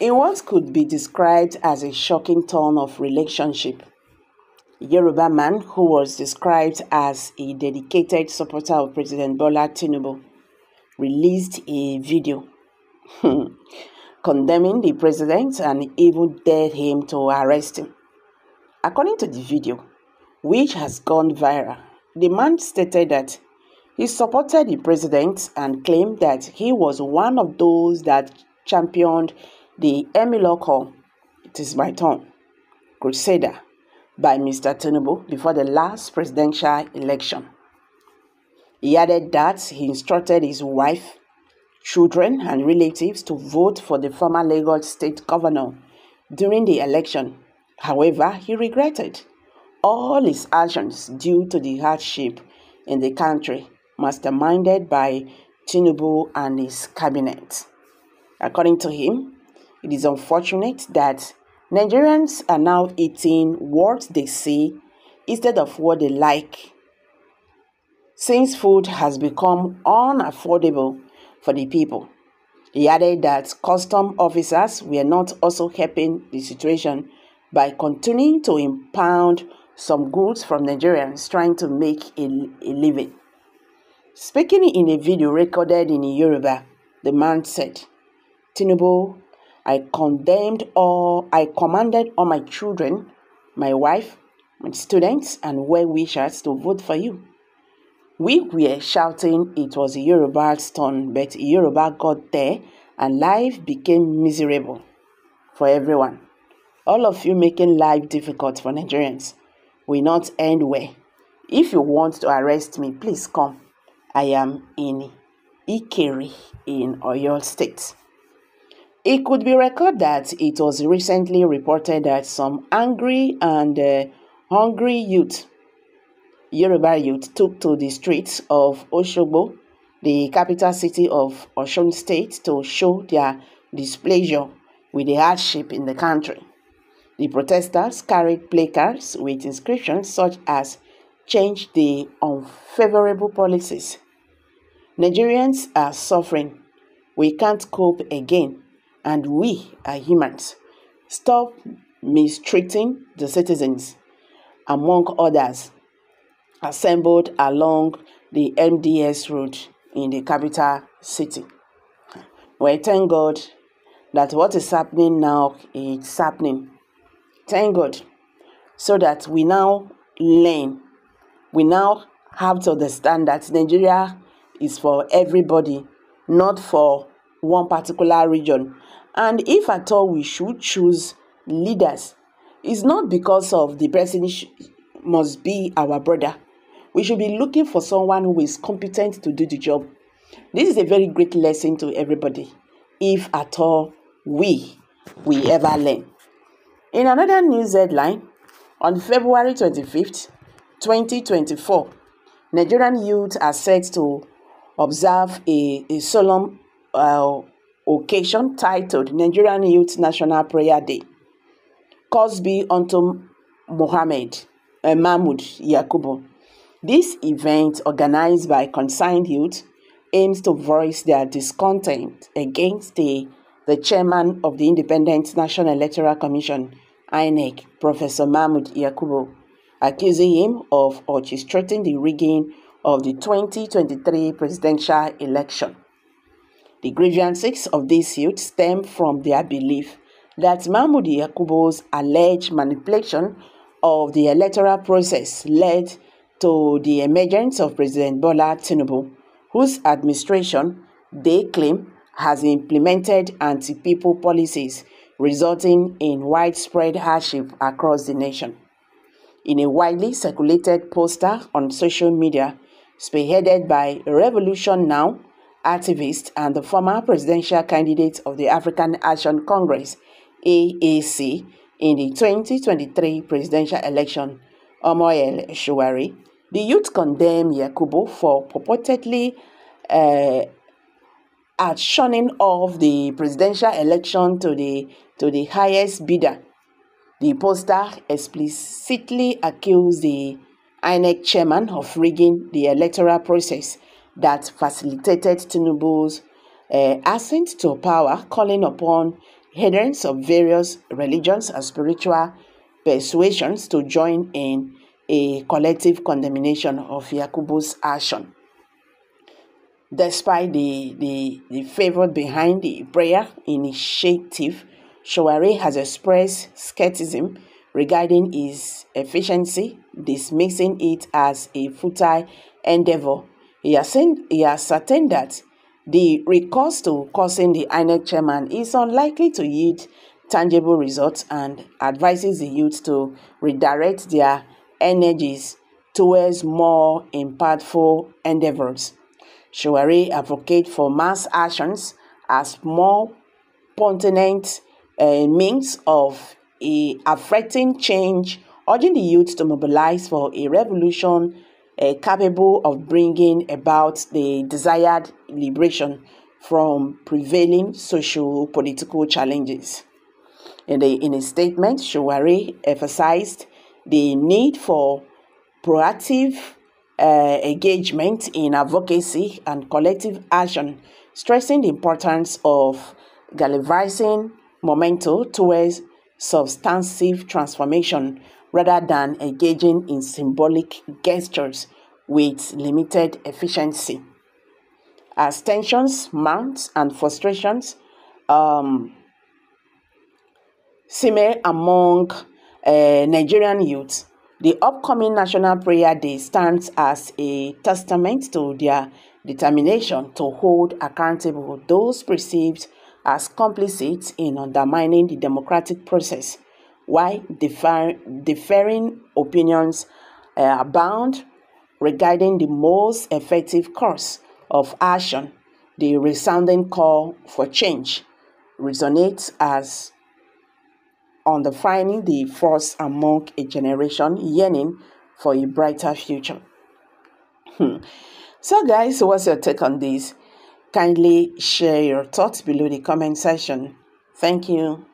In what could be described as a shocking turn of relationship, Yoruba man who was described as a dedicated supporter of President Bola Tinubu released a video hmm, condemning the president and even dared him to arrest him. According to the video, which has gone viral, the man stated that he supported the president and claimed that he was one of those that championed the Emiloko, It Is My Turn, Crusader by Mr. Tinubu before the last presidential election. He added that he instructed his wife, children, and relatives to vote for the former Lagos state governor during the election. However, he regretted all his actions due to the hardship in the country, masterminded by Tinubu and his cabinet. According to him, it is unfortunate that Nigerians are now eating what they see instead of what they like. Since food has become unaffordable for the people, he added that custom officers were not also helping the situation by continuing to impound some goods from Nigerians trying to make a, a living. Speaking in a video recorded in Yoruba, the man said, Tinubu I condemned all, I commanded all my children, my wife, my students, and well wishers to vote for you. We were shouting it was Yoruba's turn, but Yoruba got there and life became miserable for everyone. All of you making life difficult for Nigerians will not end well. If you want to arrest me, please come. I am in Ikeri in Oyo State. It could be recalled that it was recently reported that some angry and uh, hungry youth, Yoruba youth, took to the streets of Oshobo, the capital city of Osun State, to show their displeasure with the hardship in the country. The protesters carried placards with inscriptions such as Change the unfavorable policies. Nigerians are suffering. We can't cope again and we are humans. Stop mistreating the citizens, among others, assembled along the MDS road in the capital city. Well, thank God that what is happening now is happening. Thank God. So that we now learn, we now have to understand that Nigeria is for everybody, not for one particular region. And if at all we should choose leaders, it's not because of the person must be our brother. We should be looking for someone who is competent to do the job. This is a very great lesson to everybody, if at all we we ever learn. In another news headline, on February 25th, 2024, Nigerian youth are set to observe a, a solemn uh, occasion titled Nigerian Youth National Prayer Day. Cosby unto Mohammed uh, Mahmoud Yakubu. This event, organized by concerned youth, aims to voice their discontent against the, the chairman of the Independent National Electoral Commission, INEC, Professor Mahmoud Yakubu, accusing him of orchestrating the rigging of the 2023 presidential election. The grievances of these youth stem from their belief that Mahmoud Yakubo's alleged manipulation of the electoral process led to the emergence of President Bola Tinubu, whose administration they claim has implemented anti-people policies resulting in widespread hardship across the nation. In a widely circulated poster on social media spearheaded by Revolution Now, activist and the former presidential candidate of the African Action Congress AAC in the 2023 presidential election, Omoyel Shuwari, the youth condemned Yakubu for purportedly uh, actioning of the presidential election to the, to the highest bidder. The poster explicitly accused the INEC chairman of rigging the electoral process that facilitated Tinubu's uh, ascent to power, calling upon adherents of various religions and spiritual persuasions to join in a collective condemnation of Yakubu's action. Despite the, the, the favor behind the prayer initiative, Shawari has expressed skepticism regarding its efficiency, dismissing it as a futile endeavor he has, seen, he has ascertained that the recourse to causing the INEC chairman is unlikely to yield tangible results and advises the youth to redirect their energies towards more impactful endeavors. Shawari advocates for mass actions as more pertinent uh, means of uh, affecting change, urging the youth to mobilize for a revolution uh, capable of bringing about the desired liberation from prevailing social political challenges. In, the, in a statement, Shawari emphasized the need for proactive uh, engagement in advocacy and collective action, stressing the importance of galvanizing momentum towards substantive transformation rather than engaging in symbolic gestures with limited efficiency. As tensions mount and frustrations um, simmer among uh, Nigerian youths, the upcoming National Prayer Day stands as a testament to their determination to hold accountable those perceived as complicit in undermining the democratic process why differ, differing opinions uh, abound regarding the most effective course of action. The resounding call for change resonates as on defining the force among a generation yearning for a brighter future. Hmm. So, guys, what's your take on this? Kindly share your thoughts below the comment section. Thank you.